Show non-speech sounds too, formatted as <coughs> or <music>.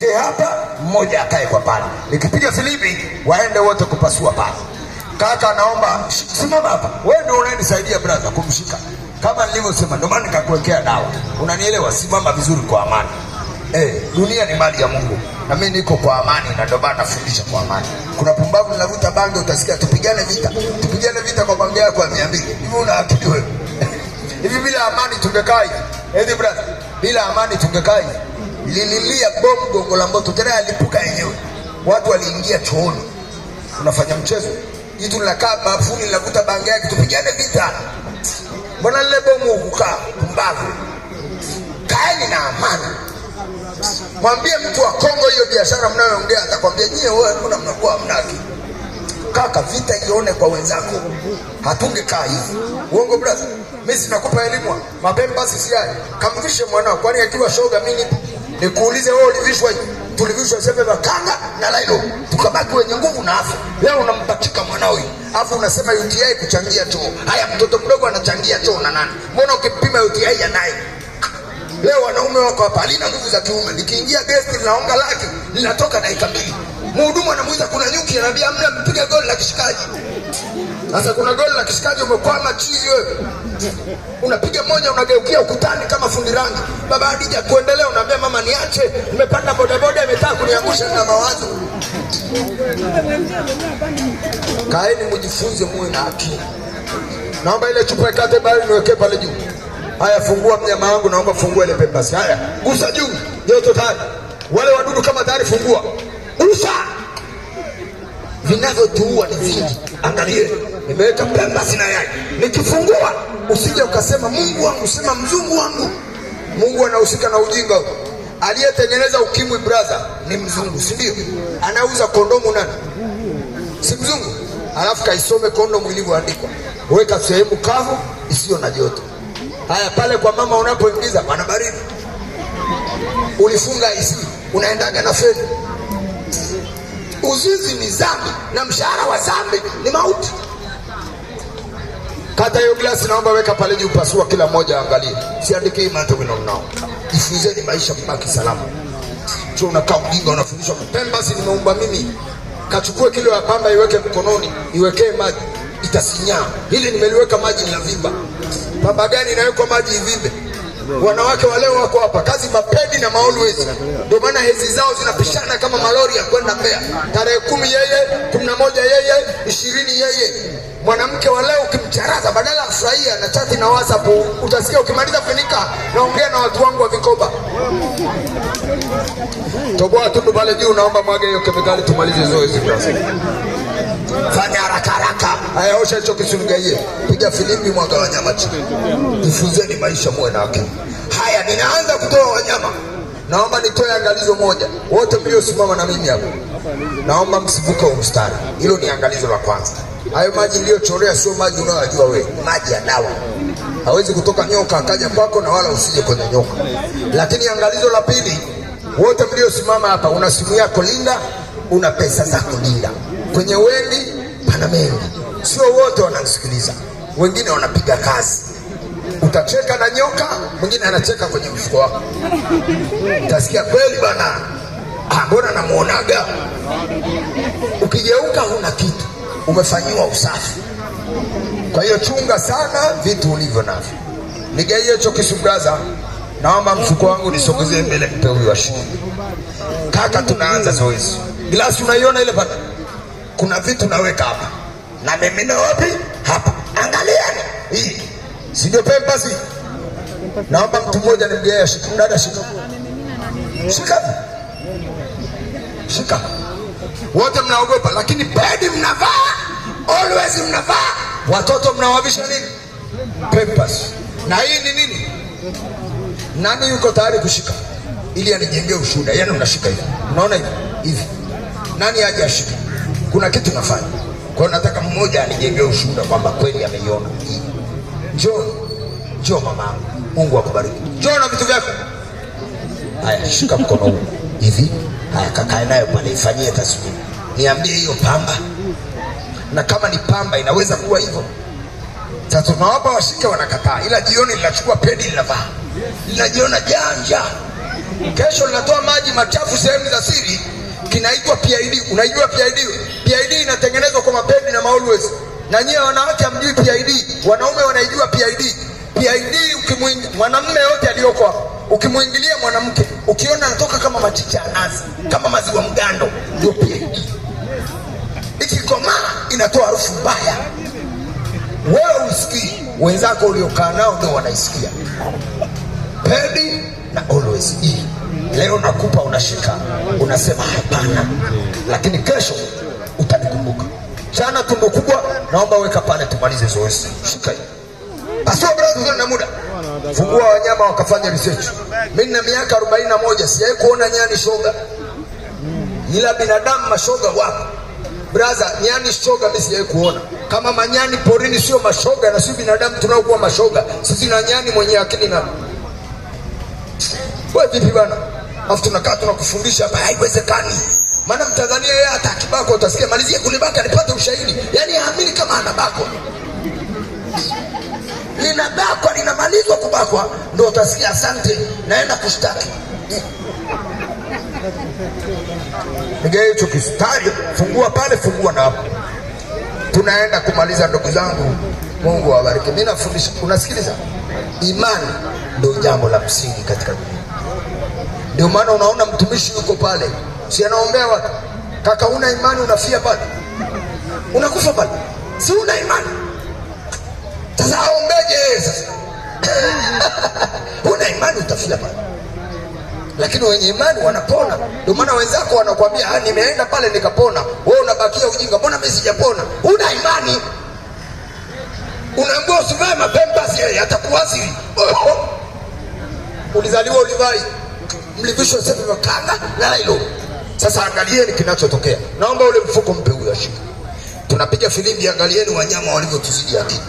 Ke Hapa mmoja akae kwa pale, nikipiga filimbi waende wote kupasua pale. Kaka naomba simama hapa, wewe ndio unanisaidia brother kumshika, kama nilivyosema, ndio maana nikakuwekea dawa, unanielewa? Simama vizuri kwa amani. Eh, dunia ni mali ya Mungu na mimi niko kwa amani, na ndio maana nafundisha kwa amani. Kuna pumbavu linavuta bangi, utasikia tupigane vita, tupigane vita kwa bangi yako ya 200. Hivi una akili wewe? <laughs> Hivi bila amani tungekaa hivi Hey, brother, bila amani tungekaa hivi lililia bomu gongo la moto, tena yalipuka yenyewe, watu waliingia chooni. Unafanya mchezo? Jitu linakaa bafuni linakuta banga yake, tupigane vita. Mbona lile bomu hukukaa mbavu? Kaeni na amani. Mwambie mtu wa Kongo hiyo biashara mnayoongea, atakwambia nyie, wewe kuna mnakuwa hamnaki Kaka, vita ione kwa wenzako, hatungekaa hivi. Uongo brother, mi sinakupa elimu mapemba sisi haya. Kamvishe mwanao, kwani akiwa shoga mimi Nikuulize wewe, ulivishwa tulivishwa sembe vya Kanga na Lailo tukabaki wenye nguvu na afya. Leo unampachika mwanao afu unasema UTI kuchangia choo. Haya, mtoto mdogo anachangia choo na nani? Mbona ukipima UTI yanaye? Leo wanaume wako hapa, alina nguvu za kiume, likiingia gesti linaonga laki linatoka dakika mbili. Mhudumu anamuuliza kuna nyuki, anambia amna, mpiga goli la kishikaji. Sasa kuna goli la kishikaji, umekwama chizi wewe, unapiga moja, unageukia ukutani kama fundi rangi. Baba Hadija, kuendelea, unaambia mama, niache, nimepanda bodaboda, imetaka kuniangusha na mawazo. Kaeni mjifunze, muwe na akili. Naomba ile chupa ikate bali niwekee pale juu. Haya, fungua mnyama wangu, naomba fungua ile pembasi. Haya, gusa juu, joto tayari. Wale wadudu kama tayari, fungua, gusa vinavyotuua ni vingi. Angalie, nimeweka pemba sina yai, nikifungua usije ukasema Mungu wangu, sema mzungu wangu. Mungu anahusika na ujinga huu. Aliyetengeneza ukimwi brother ni mzungu, si ndio? Anauza kondomu nani? Si mzungu? Alafu kaisome kondomu ilivyoandikwa, weka sehemu kavu isiyo na joto. Haya, pale kwa mama unapoingiza pana baridi, ulifunga isi, unaendaga na feni Uzinzi ni zambi na mshahara wa zambi ni mauti. Kata hiyo glasi, naomba weka pale juu, pasua, kila mmoja angalie. Siandike matoinonao, jifunzeni maisha, mbaki salama. Sio unakaa mjinga, unafundishwa kupemba. Si nimeumba mimi? Kachukue kilo ya pamba, iweke mkononi, iwekee maji, itasinyaa. Hili nimeliweka maji, vimba Pamba gani inawekwa maji ivimbe? Wanawake waleo wako hapa kazi mapedi na maolwezi, ndio maana hezi zao zinapishana kama malori ya kwenda mbea Tarehe kumi yeye, kumi na moja yeye, ishirini yeye. Mwanamke waleo ukimcharaza, badala ya furahia na chati na WhatsApp, utasikia ukimaliza finika, naongea na watu wangu wa vikoba. Toboa tundu pale juu, naomba mwage hiyo kemikali, tumalize zoezi. Fanya haraka haraka. Haya, osha hicho kisungaie, piga filimbi, mwanga wanyama chini, jifunzeni maisha muwe nake. Haya, ninaanza kutoa wanyama. Naomba nitoe angalizo moja, wote mliosimama na mimi hapo, naomba msivuke mstari. Hilo ni angalizo la kwanza. Hayo maji niliyochorea sio maji unayojua wewe, maji ya dawa. Hawezi kutoka nyoka akaja kwako, na wala usije kwenye nyoka. Lakini angalizo la pili, wote mliosimama hapa, una simu yako linda, una pesa zako linda. Kwenye wendi pana mengi sio wote wanamsikiliza, wengine wanapiga kazi. Utacheka na nyoka, mwingine anacheka kwenye mfuko wako, utasikia kweli bana, ah, mbona namuonaga. Ukigeuka huna kitu, umefanyiwa usafi. Kwa hiyo chunga sana vitu ulivyo navyo. Nigaie hicho kisugaza, naomba mfuko wangu nisogezee mbele, mpe huyu washindi. Kaka, tunaanza zoezi. Glasi unaiona ile pale, kuna vitu naweka hapa na mimi wapi hapa, angalieni hii, si ndio si Naomba mtu mmoja nimgee eh, dada, shika shika shika, wote mnaogopa, lakini pedi mnavaa, always mnavaa, watoto mnawavisha nini? Pempasi. Na hii ni nini? Nani yuko tayari kushika ili anijengee ushuhuda? Yani unashika hivi, unaona hivi hivi, nani aje ashika? Kuna kitu nafanya kwa hiyo nataka mmoja anijengee ushuhuda kwamba kweli ameiona hii. Njoo, njoo Mungu akubariki. Njoo na vitu vyako. Haya, shika mkono huu hivi. Haya, kakae nayo pale, ifanyie taswira, niambie hiyo pamba, na kama ni pamba inaweza kuwa hivyo. Sasa tunawapa washike, wanakataa, ila jioni linachukua pedi, linavaa, linajiona janja. Kesho linatoa maji machafu sehemu za siri, kinaitwa PID. Unaijua PID? PID inatengenezwa kwa mapeni na maolwezi, na nyie wanawake hamjui PID, wanaume wanaijua PID. PID ukimwingi mwanamume yote aliyoko hapa, ukimwingilia mwanamke ukiona anatoka kama machicha ya nazi, kama maziwa mgando, ndio PID. Ikikomaa inatoa harufu mbaya, wewe usikii, wenzako uliokaa nao ndio wanaisikia. Pedi na always E. Leo nakupa unashika, unasema hapana, lakini kesho jana tumbo kubwa, naomba weka pale tumalize zoezi. Shika hiyo asio brother, na muda fungua wanyama wakafanya research. Mimi na miaka 41 sijawahi kuona nyani shoga, ila binadamu mashoga wapo brother. Nyani shoga mimi sijawahi kuona kama manyani porini sio mashoga, na sio binadamu tunaokuwa mashoga sisi na nyani mwenye akili na wewe vipi bwana, afu tunakaa tunakufundisha hapa, haiwezekani. Maana Mtanzania yeye hata akibakwa utasikia malizie kulibaka nipate ushahidi, yaani haamini kama anabakwa. Linabakwa, linamalizwa kubakwa, ndio utasikia asante, naenda kushtaki. Piga hicho kistari, fungua pale, fungua na hapo, tunaenda kumaliza. Ndugu zangu, Mungu awabariki. Mimi nafundisha, unasikiliza. Imani ndio jambo la msingi katika dunia, ndio maana unaona mtumishi yuko pale si anaombea watu. Kaka, una imani unafia bado, unakufa bado, si una imani sasa, aombeje sasa? <coughs> una imani utafia bado, lakini wenye imani wanapona. Ndio maana wenzako wanakuambia ah, nimeenda pale nikapona, wewe unabakia ujinga, mbona mimi sijapona? Una imani unaambiwa usivae mapembasi, yeye atakuasiri. <coughs> Ulizaliwa ulivai, mlivishwa sema kanga na lailo sasa angalieni kinachotokea. Naomba ule mfuko mpe huyo ashike. Tunapiga filimbi, angalieni wanyama walivyotuzidi akili.